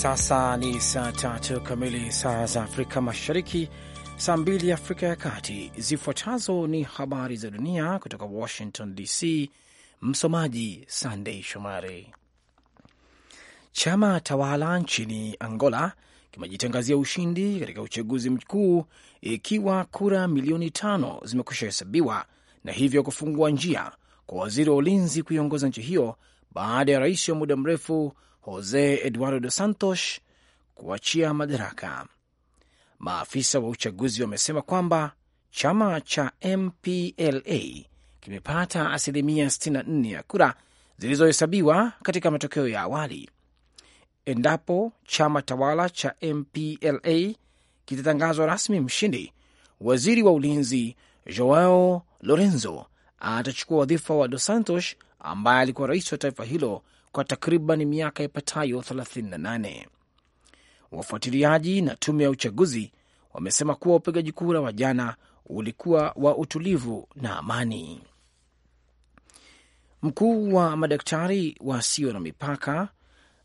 Sasa ni saa tatu kamili saa za Afrika Mashariki, saa mbili Afrika ya Kati. Zifuatazo ni habari za dunia kutoka Washington DC. Msomaji Sandei Shomari. Chama tawala nchini Angola kimejitangazia ushindi katika uchaguzi mkuu ikiwa kura milioni tano zimekwisha hesabiwa na hivyo kufungua njia kwa waziri wa ulinzi kuiongoza nchi hiyo baada ya rais wa muda mrefu Jose Eduardo Dos Santos kuachia madaraka. Maafisa wa uchaguzi wamesema kwamba chama cha MPLA kimepata asilimia 64 ya kura zilizohesabiwa katika matokeo ya awali. Endapo chama tawala cha MPLA kitatangazwa rasmi mshindi, waziri wa ulinzi Joao Lorenzo atachukua wadhifa wa Dos Santos ambaye alikuwa rais wa taifa hilo kwa takriban miaka ipatayo 38. Wafuatiliaji na tume ya uchaguzi wamesema kuwa upigaji kura wa jana ulikuwa wa utulivu na amani. Mkuu wa madaktari wasio na mipaka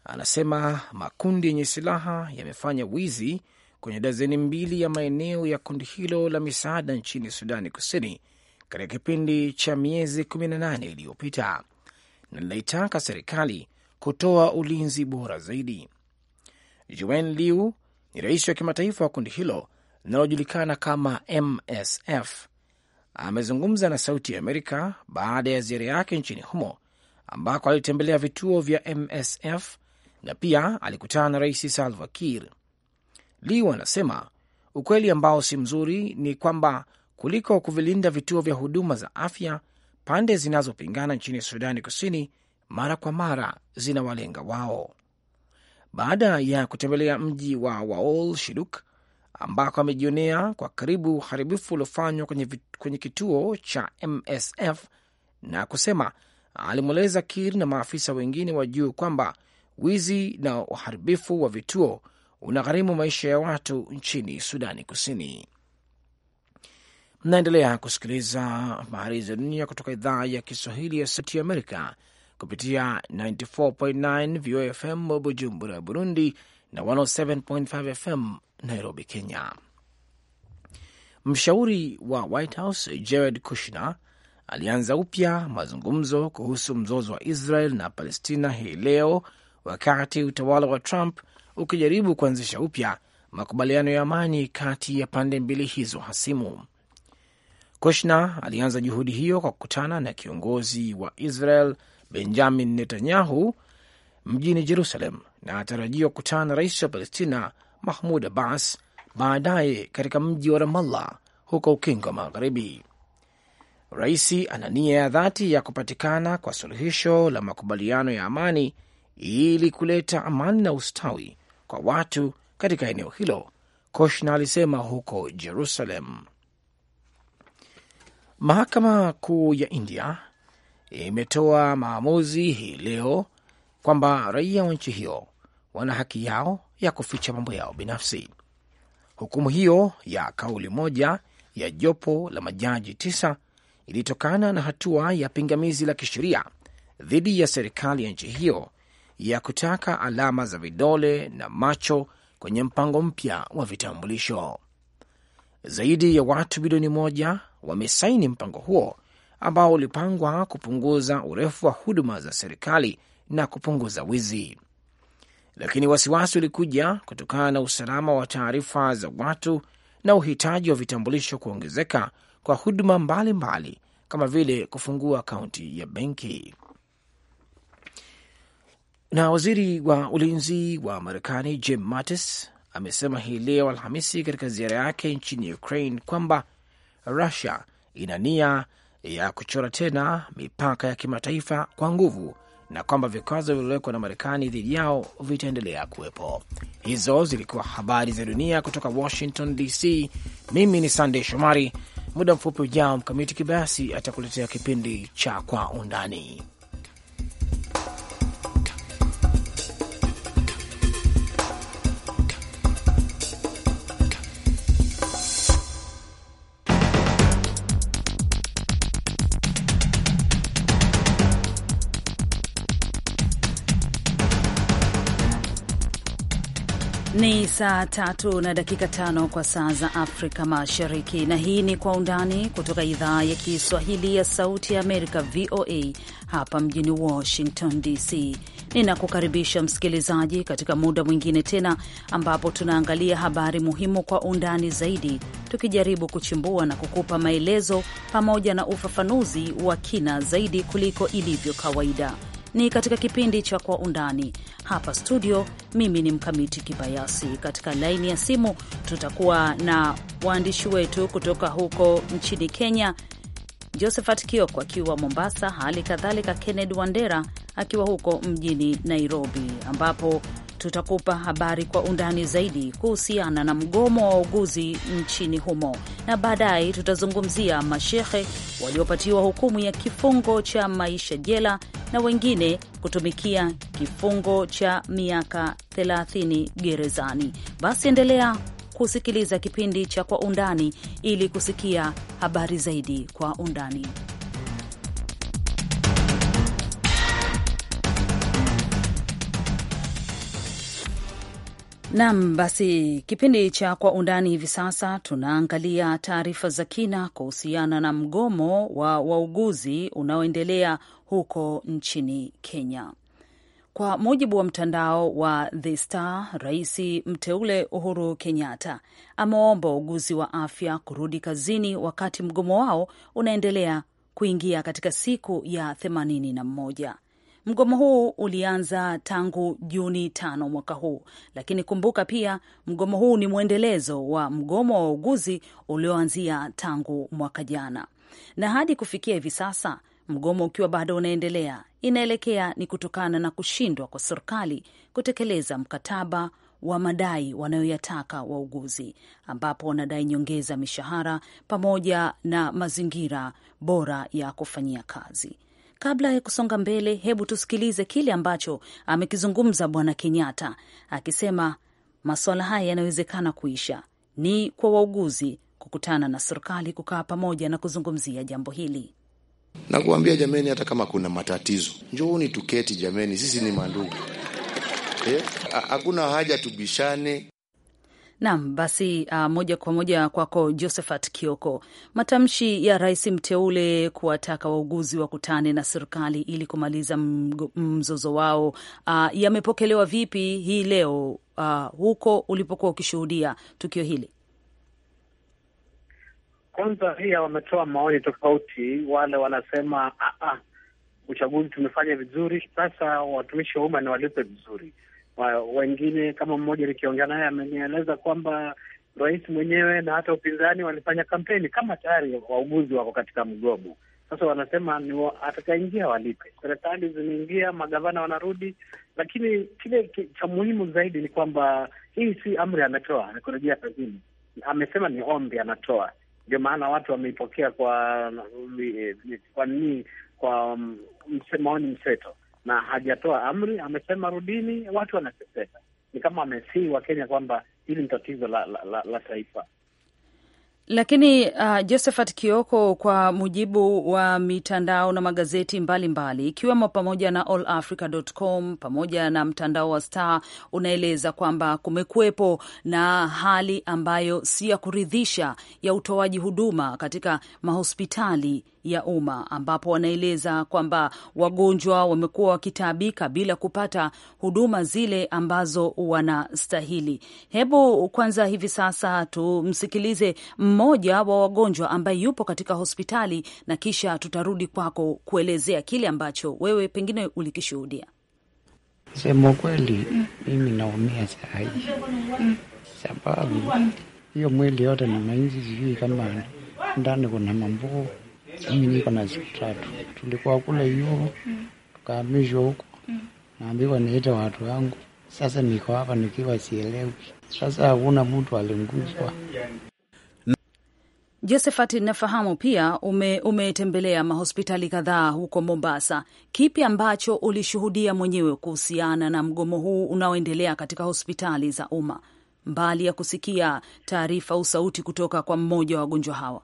anasema makundi yenye silaha yamefanya wizi kwenye dazeni mbili ya maeneo ya kundi hilo la misaada nchini Sudani Kusini katika kipindi cha miezi 18 iliyopita na linaitaka serikali kutoa ulinzi bora zaidi. Juan Liu ni rais wa kimataifa wa kundi hilo linalojulikana kama MSF. Amezungumza na Sauti ya Amerika baada ya ziara yake nchini humo ambako alitembelea vituo vya MSF na pia alikutana na rais Salva Kiir. Liu anasema ukweli ambao si mzuri ni kwamba kuliko kuvilinda vituo vya huduma za afya pande zinazopingana nchini Sudani Kusini mara kwa mara zinawalenga wao. Baada ya kutembelea mji wa Waol Shiduk ambako amejionea kwa karibu uharibifu uliofanywa kwenye, kwenye kituo cha MSF na kusema alimweleza Kir na maafisa wengine wa juu kwamba wizi na uharibifu wa vituo unagharimu maisha ya watu nchini Sudani Kusini. Mnaendelea kusikiliza habari za dunia kutoka idhaa ya Kiswahili ya Sauti Amerika kupitia 94.9 VOFM FM Bujumbura, Burundi na 107.5 FM Nairobi, Kenya. Mshauri wa White House Jared Kushner alianza upya mazungumzo kuhusu mzozo wa Israel na Palestina hii leo, wakati utawala wa Trump ukijaribu kuanzisha upya makubaliano ya amani kati ya pande mbili hizo hasimu. Kushna alianza juhudi hiyo kwa kukutana na kiongozi wa Israel Benjamin Netanyahu mjini Jerusalem na atarajiwa kukutana na rais wa Palestina Mahmud Abbas baadaye katika mji wa Ramallah huko Ukingo wa Magharibi. Rais ana nia ya dhati ya kupatikana kwa suluhisho la makubaliano ya amani ili kuleta amani na ustawi kwa watu katika eneo hilo, koshna alisema huko Jerusalem. Mahakama Kuu ya India imetoa maamuzi hii leo kwamba raia wa nchi hiyo wana haki yao ya kuficha mambo yao binafsi. Hukumu hiyo ya kauli moja ya jopo la majaji tisa ilitokana na hatua ya pingamizi la kisheria dhidi ya serikali ya nchi hiyo ya kutaka alama za vidole na macho kwenye mpango mpya wa vitambulisho. Zaidi ya watu bilioni moja wamesaini mpango huo ambao ulipangwa kupunguza urefu wa huduma za serikali na kupunguza wizi, lakini wasiwasi ulikuja kutokana na usalama wa taarifa za watu na uhitaji wa vitambulisho kuongezeka kwa huduma mbalimbali mbali, kama vile kufungua akaunti ya benki. Na waziri wa ulinzi wa Marekani Jim Mattis amesema hii leo Alhamisi katika ziara yake nchini Ukraine kwamba Rusia ina nia ya kuchora tena mipaka ya kimataifa kwa nguvu na kwamba vikwazo vilivyowekwa na Marekani dhidi yao vitaendelea kuwepo. Hizo zilikuwa habari za dunia kutoka Washington DC. Mimi ni Sandey Shomari. Muda mfupi ujao, Mkamiti Kibayasi atakuletea kipindi cha Kwa Undani. saa tatu na dakika tano kwa saa za Afrika Mashariki, na hii ni Kwa Undani kutoka idhaa ya Kiswahili ya Sauti ya Amerika, VOA, hapa mjini Washington DC. Ninakukaribisha msikilizaji, katika muda mwingine tena ambapo tunaangalia habari muhimu kwa undani zaidi, tukijaribu kuchimbua na kukupa maelezo pamoja na ufafanuzi wa kina zaidi kuliko ilivyo kawaida ni katika kipindi cha Kwa Undani hapa studio. Mimi ni Mkamiti Kibayasi. Katika laini ya simu tutakuwa na waandishi wetu kutoka huko nchini Kenya, Josephat Kioko akiwa Mombasa, hali kadhalika Kenneth Wandera akiwa huko mjini Nairobi, ambapo tutakupa habari kwa undani zaidi kuhusiana na mgomo wa wauguzi nchini humo, na baadaye tutazungumzia mashehe waliopatiwa hukumu ya kifungo cha maisha jela na wengine kutumikia kifungo cha miaka 30 gerezani. Basi endelea kusikiliza kipindi cha Kwa Undani ili kusikia habari zaidi kwa undani. Nam, basi kipindi cha Kwa Undani hivi sasa tunaangalia taarifa za kina kuhusiana na mgomo wa wauguzi unaoendelea huko nchini Kenya. Kwa mujibu wa mtandao wa The Star, rais mteule Uhuru Kenyatta amewaomba wauguzi wa afya kurudi kazini wakati mgomo wao unaendelea kuingia katika siku ya themanini na mmoja Mgomo huu ulianza tangu Juni tano mwaka huu, lakini kumbuka pia mgomo huu ni mwendelezo wa mgomo wa wauguzi ulioanzia tangu mwaka jana, na hadi kufikia hivi sasa mgomo ukiwa bado unaendelea, inaelekea ni kutokana na kushindwa kwa serikali kutekeleza mkataba wa madai wanayoyataka wauguzi, ambapo wanadai nyongeza mishahara pamoja na mazingira bora ya kufanyia kazi kabla ya kusonga mbele, hebu tusikilize kile ambacho amekizungumza Bwana Kenyatta akisema masuala haya yanawezekana kuisha, ni kwa wauguzi kukutana na serikali, kukaa pamoja na kuzungumzia jambo hili nakuambia jameni, hata kama kuna matatizo njooni tuketi, jameni, sisi ni mandugu. Eh, hakuna eh, haja tubishane, Nam basi, uh, moja kwa moja kwako Josephat Kioko. Matamshi ya rais mteule kuwataka wauguzi wakutane na serikali ili kumaliza mzozo wao uh, yamepokelewa vipi hii leo uh, huko ulipokuwa ukishuhudia tukio hili? Kwanza pia wametoa maoni tofauti. Wale wanasema ah, ah, uchaguzi tumefanya vizuri, sasa watumishi wa umma ni walipe vizuri wengine kama mmoja nikiongea naye amenieleza kwamba rais mwenyewe na hata upinzani walifanya kampeni kama tayari wauguzi wako katika mgomo. Sasa wanasema ni atakaingia walipe. Serikali zimeingia, magavana wanarudi, lakini kile cha muhimu zaidi ni kwamba hii si amri ametoa ya kurejea kazini, amesema ni ombi anatoa. Ndio maana watu wameipokea kwa eh, kwa nini kwa, kwa mm, maoni mseto na hajatoa amri, amesema rudini, watu wanateseka. Ni kama amesii Wakenya kwamba hili ni tatizo la, la, la, la taifa. Lakini uh, Josephat Kioko, kwa mujibu wa mitandao na magazeti mbalimbali ikiwemo pamoja na allafrica.com pamoja na mtandao wa Star unaeleza kwamba kumekuwepo na hali ambayo si ya kuridhisha ya utoaji huduma katika mahospitali ya umma ambapo wanaeleza kwamba wagonjwa wamekuwa wakitaabika bila kupata huduma zile ambazo wanastahili. Hebu kwanza hivi sasa tumsikilize mmoja wa wagonjwa ambaye yupo katika hospitali na kisha tutarudi kwako kuelezea kile ambacho wewe pengine ulikishuhudia. Sema kweli, mimi naumia sahi sababu hiyo mwili yote na mainzi, sijui kama ndani kuna mambuu mimi niko na siku tatu. Tulikuwa kule yuo tukaamishwa huko, naambiwa niite watu wangu. Sasa niko hapa nikiwa sielewi. Sasa hakuna mtu alimguswa. Josephat, nafahamu pia ume, umetembelea mahospitali kadhaa huko Mombasa. Kipi ambacho ulishuhudia mwenyewe kuhusiana na mgomo huu unaoendelea katika hospitali za umma, mbali ya kusikia taarifa au sauti kutoka kwa mmoja wa wagonjwa hawa?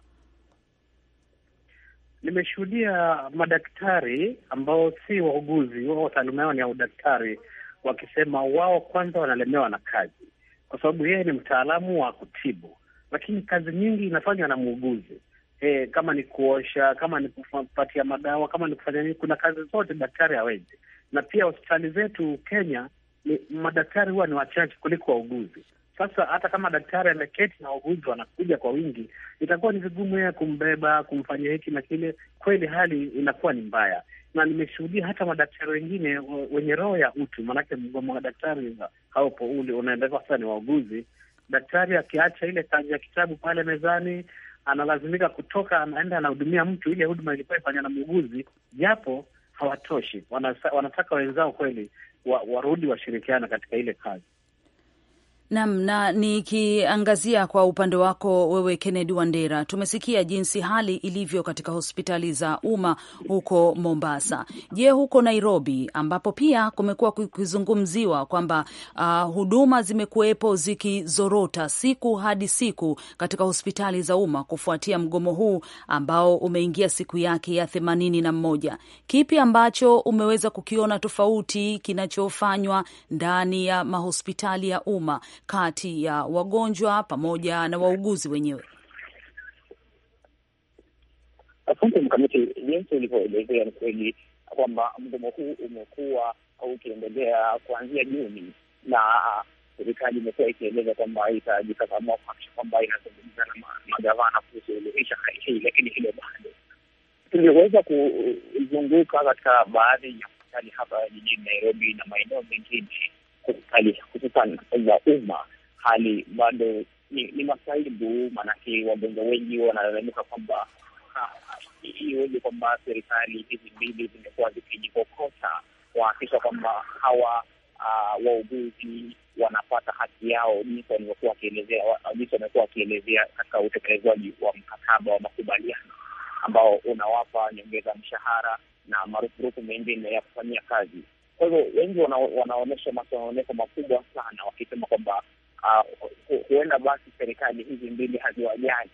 nimeshuhudia madaktari ambao si wauguzi, wao taaluma yao ni ya udaktari, wakisema wao kwanza wanalemewa na kazi, kwa sababu yeye ni mtaalamu wa kutibu, lakini kazi nyingi inafanywa na muuguzi. E, kama ni kuosha, kama ni kupatia madawa, kama ni kufanya nini, kuna kazi zote daktari hawezi. Na pia hospitali zetu Kenya ni madaktari huwa ni wachache kuliko wauguzi. Sasa hata kama daktari ameketi na wauguzi wanakuja kwa wingi, itakuwa ni vigumu yeye kumbeba, kumfanyia hiki na kile. Kweli hali inakuwa ni mbaya, na nimeshuhudia hata madaktari wengine wenye roho ya utu, maanake mgomo wa daktari haupo, ule unaendelea sasa ni wauguzi. Daktari akiacha ile kazi ya kitabu pale mezani, analazimika kutoka, anaenda anahudumia mtu ile huduma ilikuwa ifanya na muuguzi, japo hawatoshi. Wanasa, wanataka wenzao kweli warudi washirikiana katika ile kazi. Nam, na nikiangazia kwa upande wako wewe Kennedy Wandera, tumesikia jinsi hali ilivyo katika hospitali za umma huko Mombasa. Je, huko Nairobi ambapo pia kumekuwa kukizungumziwa kwamba uh, huduma zimekuwepo zikizorota siku hadi siku katika hospitali za umma kufuatia mgomo huu ambao umeingia siku yake ya themanini na mmoja, kipi ambacho umeweza kukiona tofauti kinachofanywa ndani ya mahospitali ya umma kati ya wagonjwa pamoja na wauguzi wenyewe? Asante Mkamiti, jinsi ulivyoelezea ni kweli kwamba mgomo huu umekuwa ukiendelea kuanzia Juni na serikali imekuwa ikieleza kwamba itajikakamua kuhakikisha kwamba inazungumza na magavana kusuhuluhisha hai hali hii, lakini hilo bado. Tuliweza kuzunguka katika baadhi ya hospitali hapa jijini Nairobi na maeneo mengine hospitali hususan za umma, hali bado ni, ni masaibu, maanake wagonjwa wengi wanalalamika kwamba iweje kwamba serikali hizi mbili zimekuwa zikijikokota kuhakikisha kwamba hawa uh, wauguzi wanapata haki yao, jinsi walivyokuwa wakielezea, wamekuwa wakielezea katika utekelezwaji wa mkataba wa makubaliano ambao unawapa nyongeza mshahara na marufurufu mengine ya kufanyia kazi. Kwa hivyo wengi wanaonyesha masononeko makubwa sana, wakisema kwamba ah, huenda uh, basi serikali hizi mbili haziwajali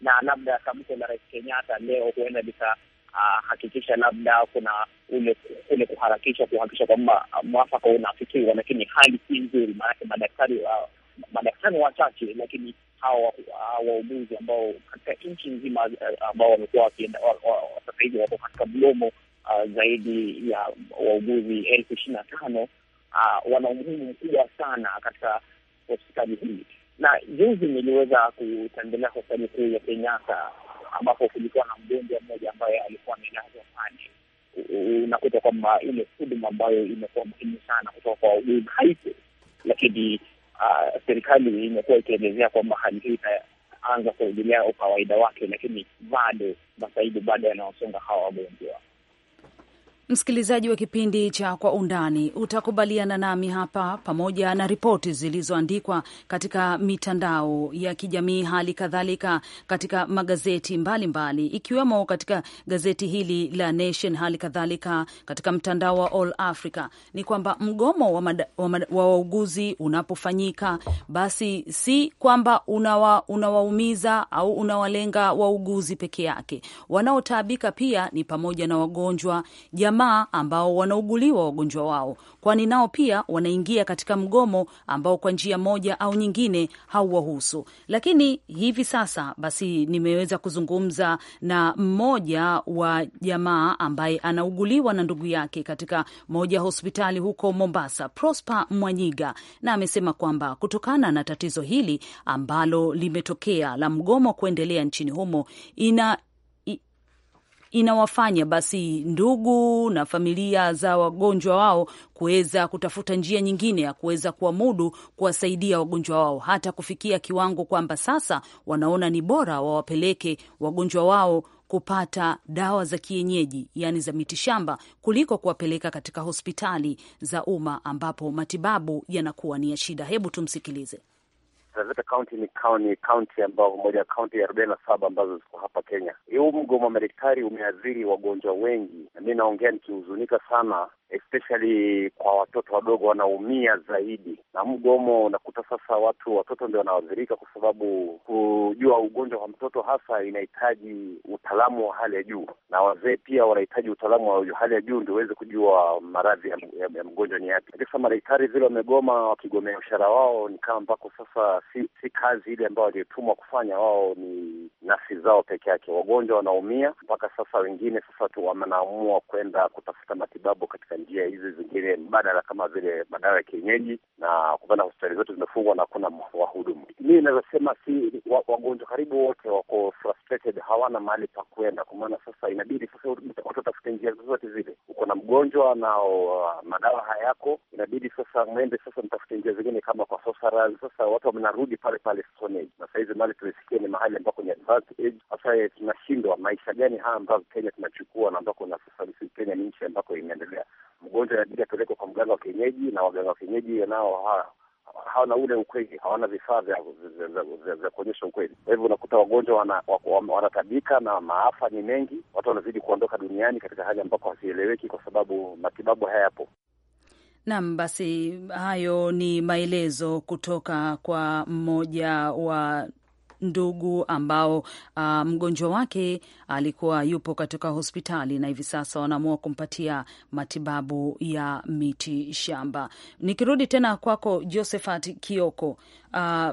na labda tamko la Rais Kenyatta leo huenda likahakikisha ah, uh, labda kuna ule ule kuharakisha kuhakikisha kwamba mwafaka unafikiwa, lakini hali si nzuri, maanake madaktari uh, madaktari wachache, lakini hawa wauguzi ambao katika nchi nzima ambao wamekuwa sasa hivi wako katika mgomo uh, zaidi ya wauguzi elfu ishirini na tano uh, wana umuhimu mkubwa sana katika hospitali hii. Na juzi niliweza kutembelea hospitali kuu ya Kenyatta ambapo kulikuwa na mgonjwa mmoja ambaye alikuwa amelazwa pale. Unakuta kwamba ile huduma ambayo imekuwa muhimu sana kutoka kwa wauguzi haipo, lakini uh, serikali imekuwa ikielezea kwamba hali hii itaanza kurejelea ukawaida wake, lakini bado masaibu bado yanaosonga hawa wagonjwa. Msikilizaji wa kipindi cha Kwa Undani, utakubaliana nami hapa, pamoja na ripoti zilizoandikwa katika mitandao ya kijamii, hali kadhalika katika magazeti mbalimbali mbali, ikiwemo katika gazeti hili la Nation, hali kadhalika katika mtandao wa All Africa, ni kwamba mgomo wa wauguzi unapofanyika, basi si kwamba unawaumiza una au unawalenga wauguzi peke yake. Wanaotaabika pia ni pamoja na wagonjwa, jama jamaa ambao wanauguliwa wagonjwa wao, kwani nao pia wanaingia katika mgomo ambao kwa njia moja au nyingine hauwahusu. Lakini hivi sasa basi, nimeweza kuzungumza na mmoja wa jamaa ambaye anauguliwa na ndugu yake katika moja ya hospitali huko Mombasa, Prosper Mwanyiga, na amesema kwamba kutokana na tatizo hili ambalo limetokea la mgomo kuendelea nchini humo ina inawafanya basi ndugu na familia za wagonjwa wao kuweza kutafuta njia nyingine ya kuweza kuwamudu kuwasaidia wagonjwa wao, hata kufikia kiwango kwamba sasa wanaona ni bora wawapeleke wagonjwa wao kupata dawa za kienyeji yaani za mitishamba kuliko kuwapeleka katika hospitali za umma ambapo matibabu yanakuwa ni ya shida. Hebu tumsikilize. Taita County ni kaunti ambao moja ya kaunti arobaini na saba ambazo ziko hapa Kenya. Huu mgomo wa madaktari umeathiri wagonjwa wengi, na mi naongea nikihuzunika sana especially kwa watoto wadogo wanaumia zaidi na mgomo. Unakuta sasa watu watoto ndio wanawadhirika, kwa sababu kujua ugonjwa kwa mtoto hasa inahitaji utaalamu wa hali ya juu, na wazee pia wanahitaji utaalamu wa hali ya juu ndio uweze kujua maradhi ya, ya, ya mgonjwa ni yapi. Lakini sasa madaktari vile wamegoma, wakigomea ushara wao, ni kama ambako sasa si, si kazi ile ambayo waliotumwa kufanya wao, ni nafsi zao peke yake. Wagonjwa wanaumia mpaka sasa, wengine sasa tu wanaamua kwenda kutafuta matibabu katika njia hizi zingine mbadala kama vile madawa ya kienyeji, na kupanda hospitali zote zimefungwa na hakuna wahudumu. Mi naweza sema si wagonjwa karibu wote wako frustrated, hawana mahali pa kwenda, kwa maana sasa inabidi sasa watu watafute njia zozote zile. Uko na mgonjwa na uh, madawa hayako, inabidi sasa mwende sasa mtafute njia zingine kama kwa sosara. Sasa watu wamenarudi pale pale stone age, na sahizi mahali tulisikia ni mahali ambako ni advanced age. Sasa eh, tunashindwa maisha gani haya ambayo Kenya tunachukua na ambako na sasa Kenya ni nchi ambako imeendelea mgonjwa inabidi apelekwe kwa mganga wa kienyeji, na waganga wa kienyeji nao hawana ule ukweli, hawana vifaa vya kuonyesha ukweli. Kwa hivyo unakuta wagonjwa wanatabika wana na maafa ni mengi, watu wanazidi kuondoka duniani katika hali ambapo hasieleweki kwa sababu matibabu hayapo. Nam, basi hayo ni maelezo kutoka kwa mmoja wa ndugu ambao uh, mgonjwa wake alikuwa yupo katika hospitali na hivi sasa wanaamua kumpatia matibabu ya miti shamba. Nikirudi tena kwako Josephat Kioko, uh,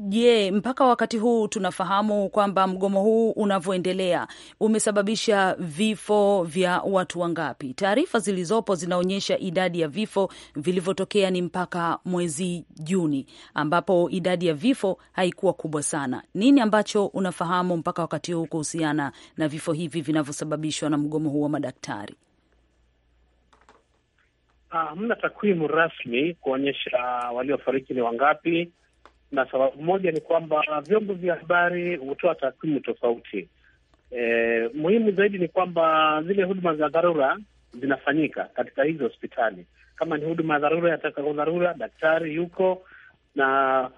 Je, mpaka wakati huu tunafahamu kwamba mgomo huu unavyoendelea umesababisha vifo vya watu wangapi? Taarifa zilizopo zinaonyesha idadi ya vifo vilivyotokea ni mpaka mwezi Juni, ambapo idadi ya vifo haikuwa kubwa sana. Nini ambacho unafahamu mpaka wakati huu kuhusiana na vifo hivi vinavyosababishwa na mgomo huu wa madaktari? Ah, hamna ah, takwimu rasmi kuonyesha waliofariki ni wangapi na sababu moja ni kwamba vyombo vya habari hutoa takwimu tofauti. E, muhimu zaidi ni kwamba zile huduma za dharura zinafanyika katika hizi hospitali. Kama ni huduma ya dharura ya dharura, daktari yuko, na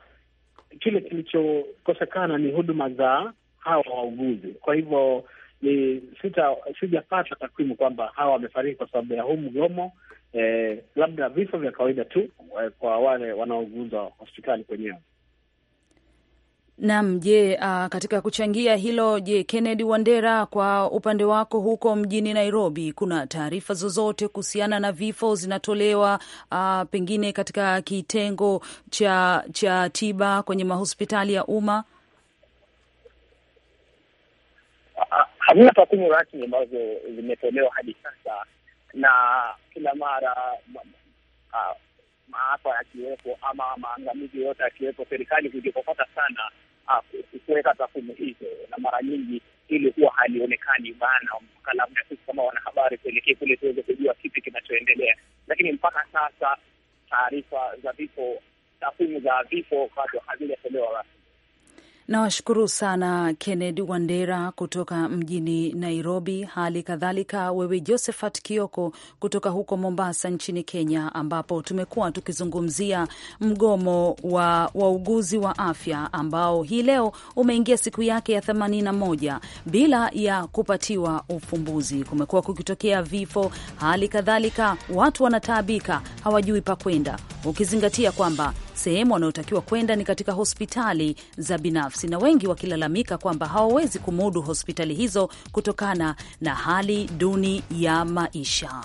kile kilichokosekana ni huduma za hawa wauguzi. Kwa hivyo ni sita sijapata takwimu kwamba hawa wamefariki kwa sababu ya huu mgomo. Eh, labda vifo vya kawaida tu e, kwa wale wanaouguzwa hospitali kwenyewe. Nam, je, uh, katika kuchangia hilo, je, Kennedy Wandera, kwa upande wako huko mjini Nairobi, kuna taarifa zozote kuhusiana na vifo zinatolewa uh, pengine katika kitengo cha, cha tiba kwenye mahospitali ya umma? Hamna takwimu rasmi ambazo zimetolewa hadi sasa, na kila mara ah, maafa yakiwepo ama maangamizi yote yakiwepo, serikali hujikokota sana kuweka takwimu hizo, na mara nyingi ili huwa halionekani bana, mpaka labda sisi kama wanahabari tuelekee kule tuweze kujua kipi kinachoendelea. Lakini mpaka sasa taarifa za vifo, takwimu za vifo bado hazijatolewa rasmi. Nawashukuru sana Kennedy Wandera kutoka mjini Nairobi, hali kadhalika wewe Josephat Kioko kutoka huko Mombasa nchini Kenya, ambapo tumekuwa tukizungumzia mgomo wa wauguzi wa afya ambao hii leo umeingia siku yake ya 81 bila ya kupatiwa ufumbuzi. Kumekuwa kukitokea vifo, hali kadhalika watu wanataabika, hawajui pa kwenda, ukizingatia kwamba sehemu wanayotakiwa kwenda ni katika hospitali za binafsi, na wengi wakilalamika kwamba hawawezi kumudu hospitali hizo kutokana na hali duni ya maisha.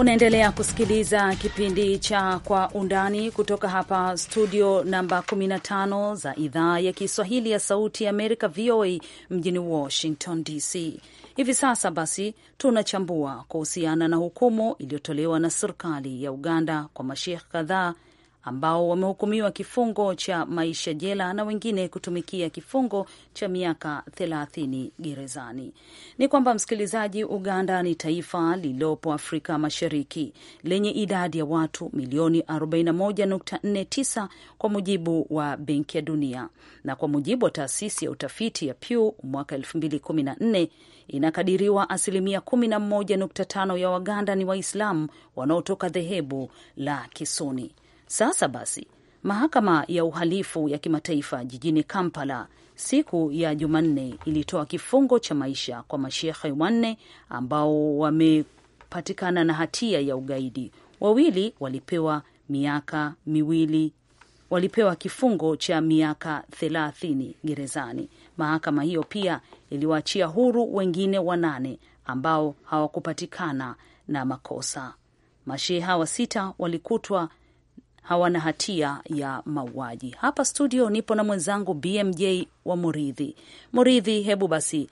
Unaendelea kusikiliza kipindi cha Kwa Undani kutoka hapa studio namba 15 za idhaa ya Kiswahili ya Sauti ya Amerika, VOA, mjini Washington DC. Hivi sasa basi, tunachambua kuhusiana na hukumu iliyotolewa na serikali ya Uganda kwa masheikh kadhaa ambao wamehukumiwa kifungo cha maisha jela na wengine kutumikia kifungo cha miaka thelathini gerezani. Ni kwamba msikilizaji, Uganda ni taifa lililopo Afrika Mashariki lenye idadi ya watu milioni 41.49 kwa mujibu wa Benki ya Dunia, na kwa mujibu wa taasisi ya utafiti ya Pew mwaka 2014 inakadiriwa asilimia 11.5 ya Waganda ni Waislamu wanaotoka dhehebu la Kisuni. Sasa basi, mahakama ya uhalifu ya kimataifa jijini Kampala siku ya Jumanne ilitoa kifungo cha maisha kwa mashehe wanne ambao wamepatikana na hatia ya ugaidi. Wawili walipewa miaka miwili walipewa kifungo cha miaka thelathini gerezani. Mahakama hiyo pia iliwaachia huru wengine wanane ambao hawakupatikana na makosa. Masheha wa sita walikutwa hawana hatia ya mauaji. Hapa studio nipo na mwenzangu BMJ wa Muridhi. Muridhi, hebu basi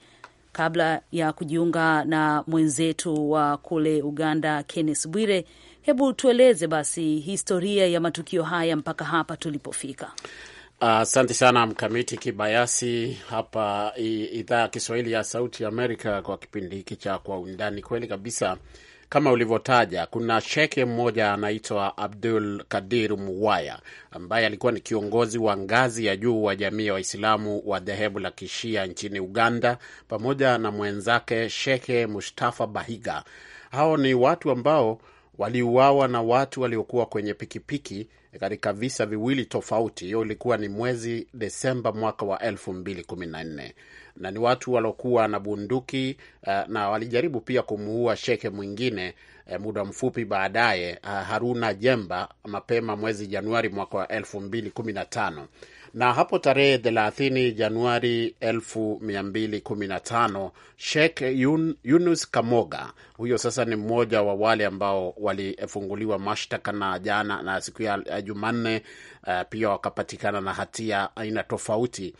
kabla ya kujiunga na mwenzetu wa kule Uganda Kenneth Bwire, hebu tueleze basi historia ya matukio haya mpaka hapa tulipofika. Asante uh, sana Mkamiti Kibayasi hapa idhaa ya Kiswahili ya Sauti Amerika kwa kipindi hiki cha Kwa Undani. Kweli kabisa kama ulivyotaja, kuna shekhe mmoja anaitwa Abdul Kadir Muwaya ambaye alikuwa ni kiongozi wa ngazi ya juu wa jamii ya Waislamu wa dhehebu la Kishia nchini Uganda, pamoja na mwenzake Shekhe Mustafa Bahiga. Hao ni watu ambao waliuawa na watu waliokuwa kwenye pikipiki katika visa viwili tofauti. Hiyo ilikuwa ni mwezi Desemba mwaka wa elfu mbili kumi na nne na ni watu waliokuwa na bunduki uh, na walijaribu pia kumuua sheke mwingine uh, muda mfupi baadaye uh, Haruna Jemba mapema mwezi Januari mwaka wa elfu mbili kumi na tano na hapo tarehe 30 Januari 2015 Sheikh Yun, Yunus Kamoga, huyo sasa ni mmoja wa wale ambao walifunguliwa mashtaka na jana na siku ya Jumanne uh, pia wakapatikana na hatia aina tofauti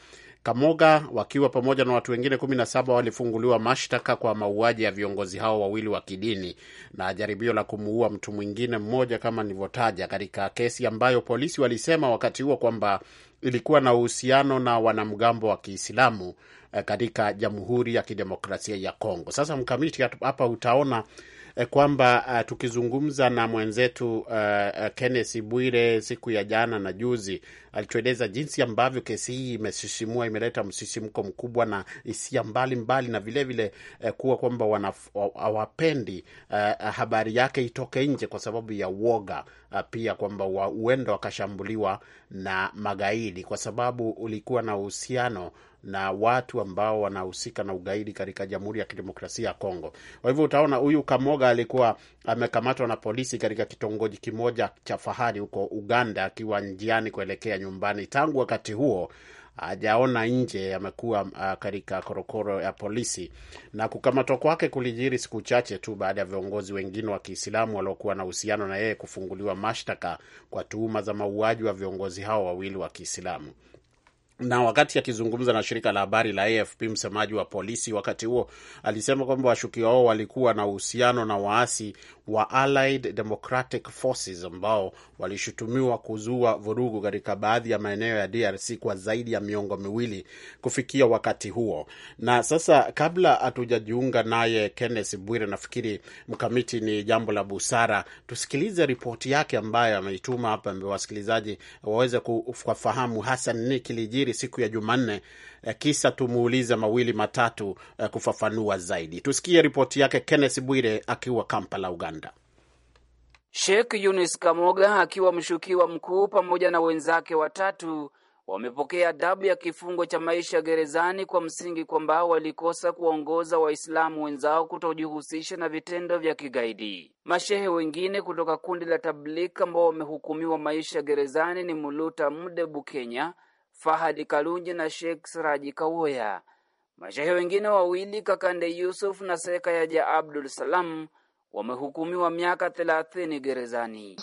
Kamoga wakiwa pamoja na watu wengine 17 walifunguliwa mashtaka kwa mauaji ya viongozi hao wawili wa kidini na jaribio la kumuua mtu mwingine mmoja, kama nilivyotaja, katika kesi ambayo polisi walisema wakati huo kwamba ilikuwa na uhusiano na wanamgambo wa Kiislamu eh, katika Jamhuri ya Kidemokrasia ya Kongo. Sasa mkamiti hapa utaona Eh, kwamba uh, tukizungumza na mwenzetu uh, Kenneth Bwire siku ya jana na juzi, alitueleza jinsi ambavyo kesi hii imesisimua, imeleta msisimko mkubwa na hisia mbalimbali, na vilevile vile, uh, kuwa kwamba hawapendi uh, habari yake itoke nje kwa sababu ya uoga uh, pia kwamba huenda wakashambuliwa na magaidi kwa sababu ulikuwa na uhusiano na watu ambao wanahusika na ugaidi katika Jamhuri ya Kidemokrasia ya Kongo. Kwa hivyo utaona huyu Kamoga alikuwa amekamatwa na polisi katika kitongoji kimoja cha fahari huko Uganda akiwa njiani kuelekea nyumbani. Tangu wakati huo hajaona nje, amekuwa uh, katika korokoro ya polisi. Na kukamatwa kwake kulijiri siku chache tu baada ya viongozi wengine wa Kiislamu waliokuwa na uhusiano na yeye kufunguliwa mashtaka kwa tuhuma za mauaji wa viongozi hao wawili wa Kiislamu na wakati akizungumza na shirika la habari la AFP, msemaji wa polisi wakati huo alisema kwamba washukiwa hao walikuwa na uhusiano na waasi wa Allied Democratic Forces ambao walishutumiwa kuzua vurugu katika baadhi ya maeneo ya DRC kwa zaidi ya miongo miwili kufikia wakati huo. Na sasa, kabla hatujajiunga naye Kenneth Bwire, nafikiri mkamiti, ni jambo la busara tusikilize ripoti yake ambayo ameituma hapa, wasikilizaji waweze kufahamu hasa nini kilijiri alfajiri siku ya Jumanne, eh, kisa tumuulize mawili matatu eh, kufafanua zaidi. Tusikie ripoti yake Kenneth Bwire akiwa Kampala, Uganda. Sheikh Yunis Kamoga akiwa mshukiwa mkuu pamoja na wenzake watatu wamepokea adhabu ya kifungo cha maisha gerezani kwa msingi kwamba walikosa kuwaongoza Waislamu wenzao kutojihusisha na vitendo vya kigaidi. Mashehe wengine kutoka kundi la Tablik ambao wamehukumiwa maisha gerezani ni Muluta Mde Bukenya Fahad Kalunji na Sheikh Siraji Kawoya. Mashehe wengine wawili Kakande Yusuf na Sekayaja Abdul Salam wamehukumiwa miaka 30 gerezani.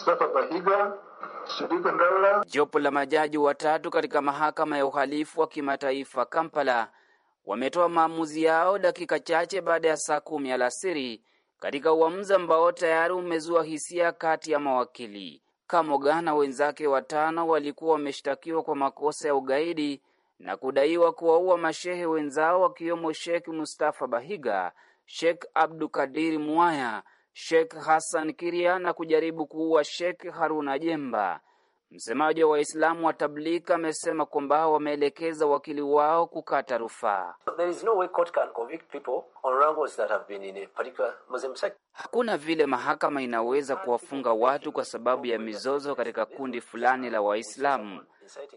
Jopo la majaji watatu katika mahakama ya uhalifu wa kimataifa Kampala wametoa maamuzi yao dakika chache baada ya saa kumi alasiri katika uamuzi ambao tayari umezua hisia kati ya mawakili. Kamoga na wenzake watano walikuwa wameshtakiwa kwa makosa ya ugaidi na kudaiwa kuwaua mashehe wenzao wakiwemo Sheikh Mustafa Bahiga, Sheikh Abdukadir Mwaya, Sheikh Hassan Kiria na kujaribu kuua Sheikh Haruna Jemba. Msemaji wa Waislamu wa tablika amesema kwamba wameelekeza wakili wao kukata rufaa. Hakuna vile mahakama inaweza kuwafunga watu kwa sababu ya mizozo katika kundi fulani la Waislamu.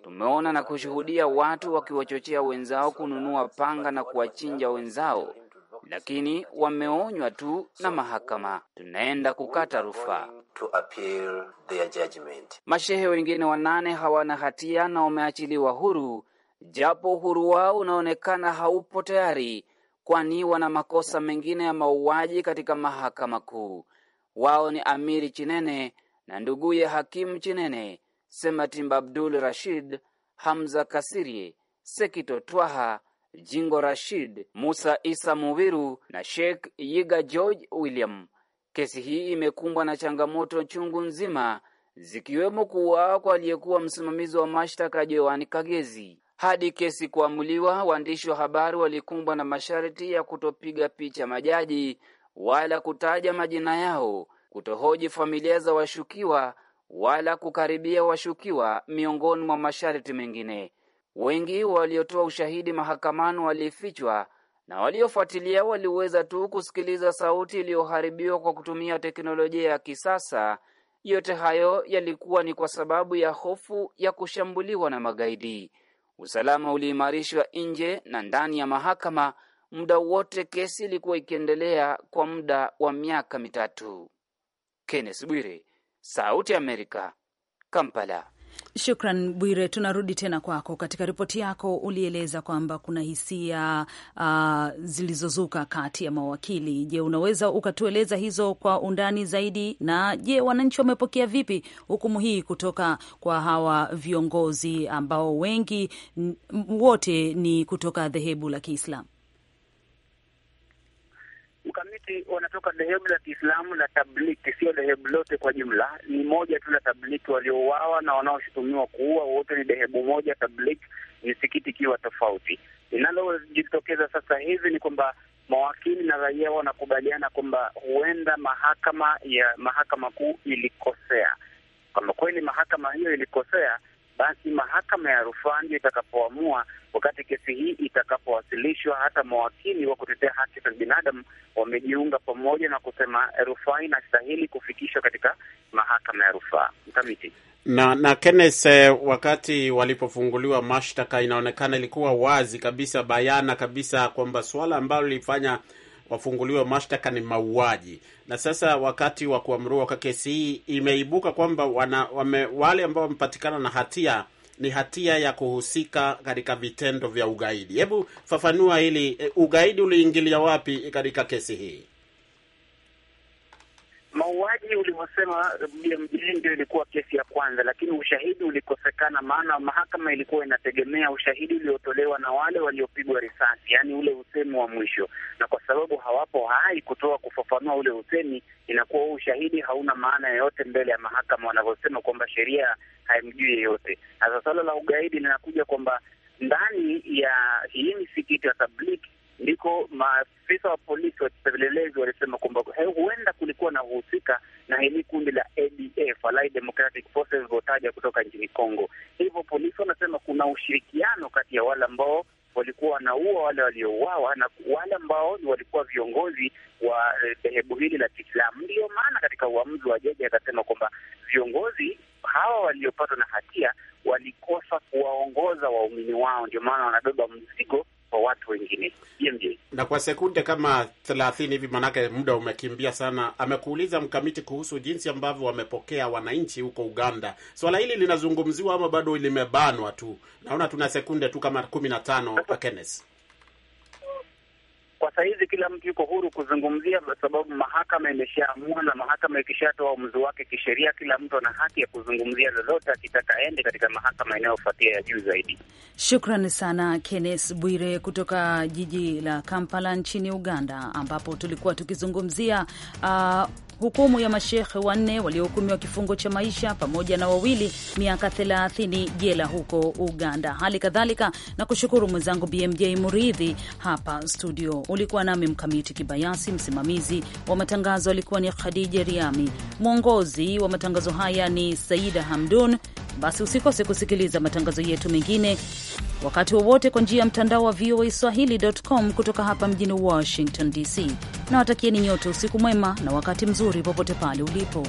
Tumeona na kushuhudia watu wakiwachochea wenzao kununua panga na kuwachinja wenzao, lakini wameonywa tu na mahakama. Tunaenda kukata rufaa to appeal their judgment. Mashehe wengine wanane hawana hatia na wameachiliwa huru, japo uhuru wao unaonekana haupo tayari, kwani wana makosa mengine ya mauaji katika mahakama kuu. Wao ni Amiri Chinene na nduguye Hakimu Chinene, Sematimba Abdul Rashid, Hamza Kasiri, Sekito Twaha, Jingo Rashid, Musa Isa Muwiru na Sheikh Yiga George William. Kesi hii imekumbwa na changamoto chungu nzima zikiwemo kuuawa kwa aliyekuwa msimamizi wa mashtaka Joan Kagezi. Hadi kesi kuamuliwa, waandishi wa habari walikumbwa na masharti ya kutopiga picha majaji wala kutaja majina yao, kutohoji familia za washukiwa wala kukaribia washukiwa, miongoni mwa masharti mengine. Wengi waliotoa ushahidi mahakamani walifichwa na waliofuatilia waliweza tu kusikiliza sauti iliyoharibiwa kwa kutumia teknolojia ya kisasa. Yote hayo yalikuwa ni kwa sababu ya hofu ya kushambuliwa na magaidi. Usalama uliimarishwa nje na ndani ya mahakama muda wote, kesi ilikuwa ikiendelea kwa muda wa miaka mitatu. Kenneth Bwire, Sauti ya Amerika, Kampala. Shukran Bwire, tunarudi tena kwako. Katika ripoti yako ulieleza kwamba kuna hisia uh, zilizozuka kati ya mawakili. Je, unaweza ukatueleza hizo kwa undani zaidi? Na je, wananchi wamepokea vipi hukumu hii kutoka kwa hawa viongozi ambao wengi wote ni kutoka dhehebu la Kiislamu? mkamiti wanatoka dhehebu la Kiislamu la Tabliki, sio dhehebu lote kwa jumla, ni moja tu la Tabliki. Waliouawa na wanaoshutumiwa kuua wote ni dhehebu moja Tabliki, misikiti ikiwa tofauti. Linalojitokeza sasa hivi ni kwamba mawakili na raia wanakubaliana kwamba huenda mahakama ya mahakama kuu ilikosea, kwamba kweli mahakama hiyo ilikosea basi mahakama ya rufaa ndio itakapoamua wakati kesi hii itakapowasilishwa. Hata mawakili wa kutetea haki za binadamu wamejiunga pamoja na kusema rufaa inastahili kufikishwa katika mahakama ya rufaa mkamiti na na Kenneth, eh, wakati walipofunguliwa mashtaka, inaonekana ilikuwa wazi kabisa, bayana kabisa kwamba suala ambalo lilifanya wafunguliwe mashtaka ni mauaji. Na sasa wakati wa kuamriwa kwa kesi hii imeibuka kwamba wana, wame, wale ambao wamepatikana na hatia ni hatia ya kuhusika katika vitendo vya ugaidi. Hebu fafanua hili, eh, ugaidi uliingilia wapi katika kesi hii? Mauaji ulivyosema mjini ndio ilikuwa kesi ya kwanza, lakini ushahidi ulikosekana, maana mahakama ilikuwa inategemea ushahidi uliotolewa na wale waliopigwa risasi, yaani ule usemi wa mwisho, na kwa sababu hawapo hai kutoa kufafanua ule usemi, inakuwa huu ushahidi hauna maana yoyote mbele ya mahakama, wanavyosema kwamba sheria haimjui yeyote. Sasa swala la ugaidi linakuja kwamba ndani ya hii misikiti ya Tablighi ndiko maafisa wa polisi wapelelezi walisema kwamba huenda kulikuwa na uhusika na hili kundi la ADF, Allied Democratic Forces ilivyotaja kutoka nchini Congo. Hivyo polisi wanasema kuna ushirikiano kati ya wale ambao walikuwa wanaua wale waliouawa na wale ambao walikuwa viongozi wa eh, dhehebu hili la Kiislam. Ndiyo maana katika uamuzi wa jaji akasema kwamba viongozi hawa waliopatwa na hatia walikosa kuwaongoza waumini wao, ndio maana wanabeba mzigo kwa watu wengine. Na kwa sekunde kama thelathini hivi, maanake muda umekimbia sana, amekuuliza mkamiti kuhusu jinsi ambavyo wamepokea wananchi huko Uganda. Swala hili linazungumziwa ama bado limebanwa tu? Naona tuna sekunde tu kama kumi na tano. Kenneth kwa sahizi kila mtu yuko huru kuzungumzia, kwa sababu mahakama imeshaamua, na mahakama ikishatoa uamuzi wake kisheria, kila mtu ana haki ya kuzungumzia lolote akitaka aende katika mahakama inayofuatia ya juu zaidi. Shukran sana kenes Bwire kutoka jiji la Kampala nchini Uganda, ambapo tulikuwa tukizungumzia uh, hukumu ya mashekhe wanne waliohukumiwa kifungo cha maisha pamoja na wawili miaka 30 jela huko Uganda. Hali kadhalika na kushukuru mwenzangu BMJ Muridhi hapa studio. Ulikuwa nami Mkamiti Kibayasi, msimamizi wa matangazo alikuwa ni Khadija Riami, mwongozi wa matangazo haya ni Saida Hamdun. Basi usikose kusikiliza matangazo yetu mengine wakati wowote kwa njia ya mtandao wa VOA Swahili.com kutoka hapa mjini Washington DC. Nawatakieni nyote usiku mwema na wakati mzuri popote pale ulipo.